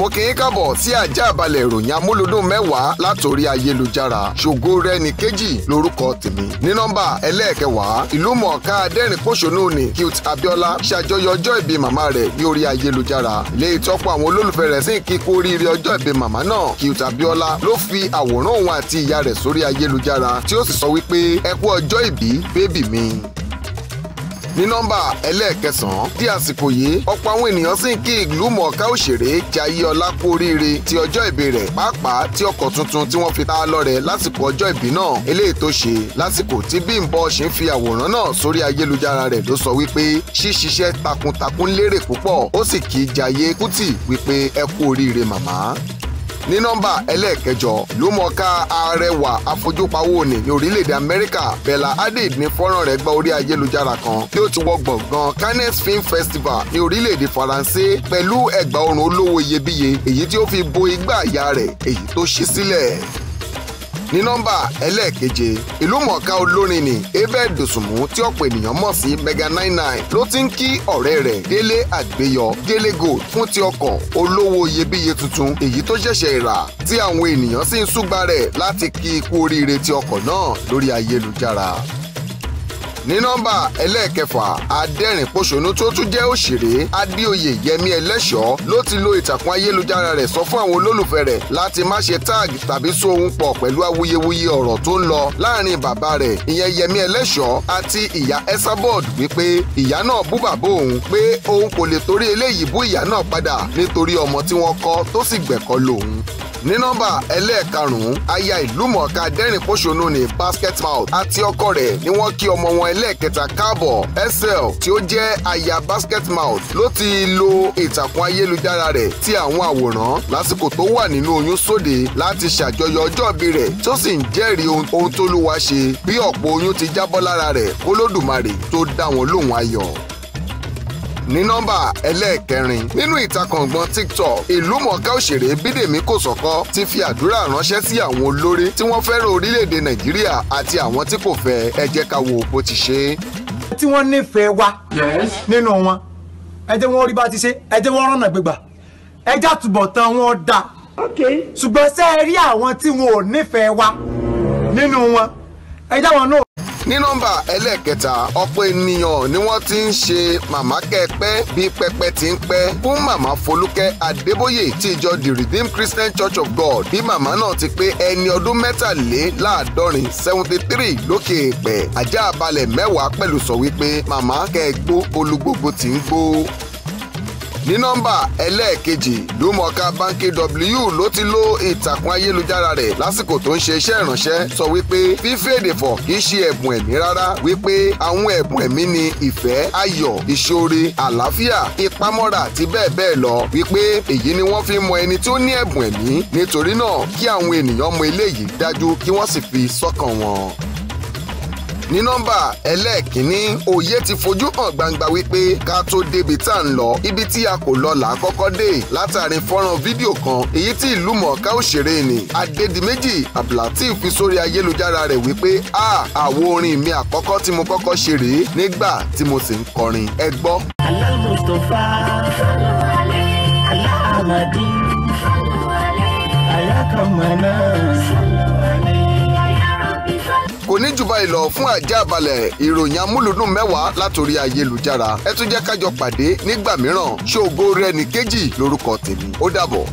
mo kì í kábọ̀ sí ajá balẹ̀ ìròyìn amúlùdùn mẹ́wàá látòrí ayélujára ṣògo rẹ ní kejì lórúkọ tèmi ní nọ́mbà ẹlẹ́ẹ̀kẹwàá ìlú mọ̀ọ́ká adẹ́rìn pòṣónú ni cute abiola ṣàjọyọ̀ ọjọ́ ìbí màmá rẹ̀ ní orí ayélujára ilé ìtọ́pọ̀ àwọn olólùfẹ́ rẹ̀ sì ń kí kú oríire ọjọ́ ìbí màmá náà cute abiola ló fi àwòrán òun àti ìyá rẹ̀ sórí ayélujára tí ní nọ́mbà ẹlẹ́ẹ̀kẹsàn-án di àsìkò yìí ọ̀pọ̀ àwọn ènìyàn sì ń kí ìlú mọ̀ọ́ká òṣèré Jayé Ọlá kú oríire ti ọjọ́ ìbí rẹ̀ pàápàá tí ọkọ̀ tuntun tí wọ́n fi ta lọ́rẹ̀ lásìkò ọjọ́ ìbí náà eléyìí tó ṣe lásìkò tí Bímbọ́ ṣe ń fi àwòrán náà sórí ayélujára rẹ̀ ló sọ wípé ṣíṣiṣẹ́ takuntakun lérè púpọ̀ ó sì kí Jayé Kútì wípé ẹ kú oríire màmá ní nọ́mbà ẹlẹ́ẹ̀kẹjọ ìlúmọ̀ọ́ká arẹwà afojúpawó ni ní orílẹ̀-èdè amẹ́ríkà bella hadid ní fọ́nrán rẹ̀ gba orí ayélujára kan tí ó ti wọ gbọ̀ngàn cannes film festival ní orílẹ̀-èdè faransé pẹ̀lú ẹ̀gbà ọrùn olówó iyebíye èyí tí ó fi bo igbá àyà rẹ̀ èyí tó ṣí sílẹ̀ ní nọ́mbà ẹlẹ́ẹ̀keje ìlúmọ̀ọ́ká olórin ni abel dòsùnmú tí ọ̀pọ̀ ènìyàn mọ̀ sí mega nine nine ló ti ń kí ọ̀rẹ́ rẹ̀ délé àgbéyọ délé gold fún ti ọkọ̀ olówó iyebíye tuntun èyí tó ṣẹ̀ṣẹ̀ rà tí àwọn ènìyàn sì ń súgbà rẹ̀ láti kí ikú oríire ti ọkọ̀ náà lórí ayélujára ní nọ́mbà ẹlẹ́ẹ̀kẹfà adẹ́rìn-pọ̀ṣónú tó tún jẹ́ òṣèré adéoyè yẹmí ẹlẹ́ṣọ́ ló ti lo ìtàkùn ayélujára rẹ̀ sọ fún àwọn olólùfẹ́ rẹ̀ láti má ṣe tag tàbí so ohun pọ̀ pẹ̀lú awuyewuye ọ̀rọ̀ tó ń lọ láàrin bàbá rẹ̀ ìyẹn yẹmí ẹlẹ́ṣọ́ àti ìyá Esabod wípé ìyá náà bú bàbá òun pé òun kò lè torí eléyìí bú ìyá náà padà nítorí ọmọ tí wọ́n kọ́ tó sì gbẹ̀kọ́ lòun ní nọ́mbà ẹlẹ́ẹ̀karùn-ún aya ìlúmọ̀ọ́ká dẹ́rìn pọ̀ṣónú ní basket mouth àti ọkọ rẹ̀ ni wọ́n kí ọmọ wọn ẹlẹ́ẹ̀kẹta káàbọ̀ sl tí ó jẹ́ aya basket mouth ló ti lo ìtàkùn ayélujára rẹ̀ ti àwọn àwòrán lásìkò tó wà nínú oyún sóde láti ṣàjọyọ̀ ọjọ́bí rẹ̀ tó sì ń jẹ́rìí ohun tó lúwa ṣe bí ọ̀pọ̀ oyún ti jábọ́ lára rẹ̀ kólódùmarè tó dá wọn lóhùn ayọ̀ ní nọ́mbà ẹlẹ́ẹ̀kẹrin nínú ìtakùn ọ̀gbọ́n tiktok ìlúmọ̀ọ́ká òṣèré bídèmí kòsọ́kọ́ ti fi àdúrà ránṣẹ́ sí àwọn olórí tí wọ́n fẹ́ràn orílẹ̀-èdè nàìjíríà àti àwọn tí kò fẹ́ ẹ jẹ́ ká wo bó ti ṣe. tí wọ́n nífẹ̀ẹ́ wa nínú wọn ẹ jẹ́ wọ́n rí bá ti ṣe ẹ jẹ́ wọ́n rọ̀nà gbégbà ẹ já túbọ̀ tán wọn dà ṣùgbọ́n ṣé ẹ rí àwọn tí wọn ò nífẹ̀ẹ́ wa nínú wọn ẹ já wọn náà ní nọ́mbà ẹlẹ́ẹ̀kẹta ọ̀pọ̀ ènìyàn ni wọ́n ti ń ṣe màmá kẹ́ẹ̀pẹ́ bí pẹpẹ ti ń pẹ́ fún màmá Folúkẹ́ Adébóyè tí ìjọ the Redeemed Christian Church of God bí màmá náà ti pé ẹni ọdún mẹ́tàléláàádọ́rin seventy three lókè èèpẹ̀ ajá balẹ̀ mẹ́wàá pẹ̀lú sọ wípé màmá kẹ́ẹ̀gbó olúgbogbo ti ń gbó ní nọ́mbà ẹlẹ́ẹ̀kejì lúmọ̀ọ́ká bánkì w ló ti lo ìtàkùn ayélujára rẹ̀ lásìkò tó ń ṣe iṣẹ́ ìránṣẹ́ sọ wípé fífèdè fọ̀ kì í ṣe ẹ̀bùn ẹ̀mí rárá wípé àwọn ẹ̀bùn ẹ̀mí ni ìfẹ́ ayọ̀ ìṣoore àlàáfíà ìpamọ́ra àti bẹ́ẹ̀ bẹ́ẹ̀ lọ wípé èyí ni wọ́n fi mọ ẹni tí ó ní ẹ̀bùn ẹ̀mí nítorí náà kí àwọn ènìyàn mọ eléyìí dájú kí wọ́n sì fi sọ́kàn wọn ní nọ́mbà ẹlẹ́ẹ̀kínní òye ti fojú hàn gbangba wípé ká tó débi tá à ń lọ ibi tí a kò lọ là á kọ́kọ́ dé látàrí fọ́nrán fídíò kan èyí tí ìlú mọ̀ọ́ká òṣèré ni Adédìméjì Abdulateef fi sórí ayélujára rẹ̀ wípé a àwo orin mi àkọ́kọ́ tí mo kọ́kọ́ ṣe rèé nígbà tí mo sì ń kọrin ẹ gbọ́. alámùtòfà aláàmàdí alákàmánà. jù báyìí lọ fún àjàbalẹ̀ ìròyìn amúlùdùn mẹ́wàá látòrí ayélujára ẹ tún jẹ́ kájọ pàdé nígbà mìíràn ṣògo rẹ̀ nìkejì lórúkọ tèmi ó dàbọ̀.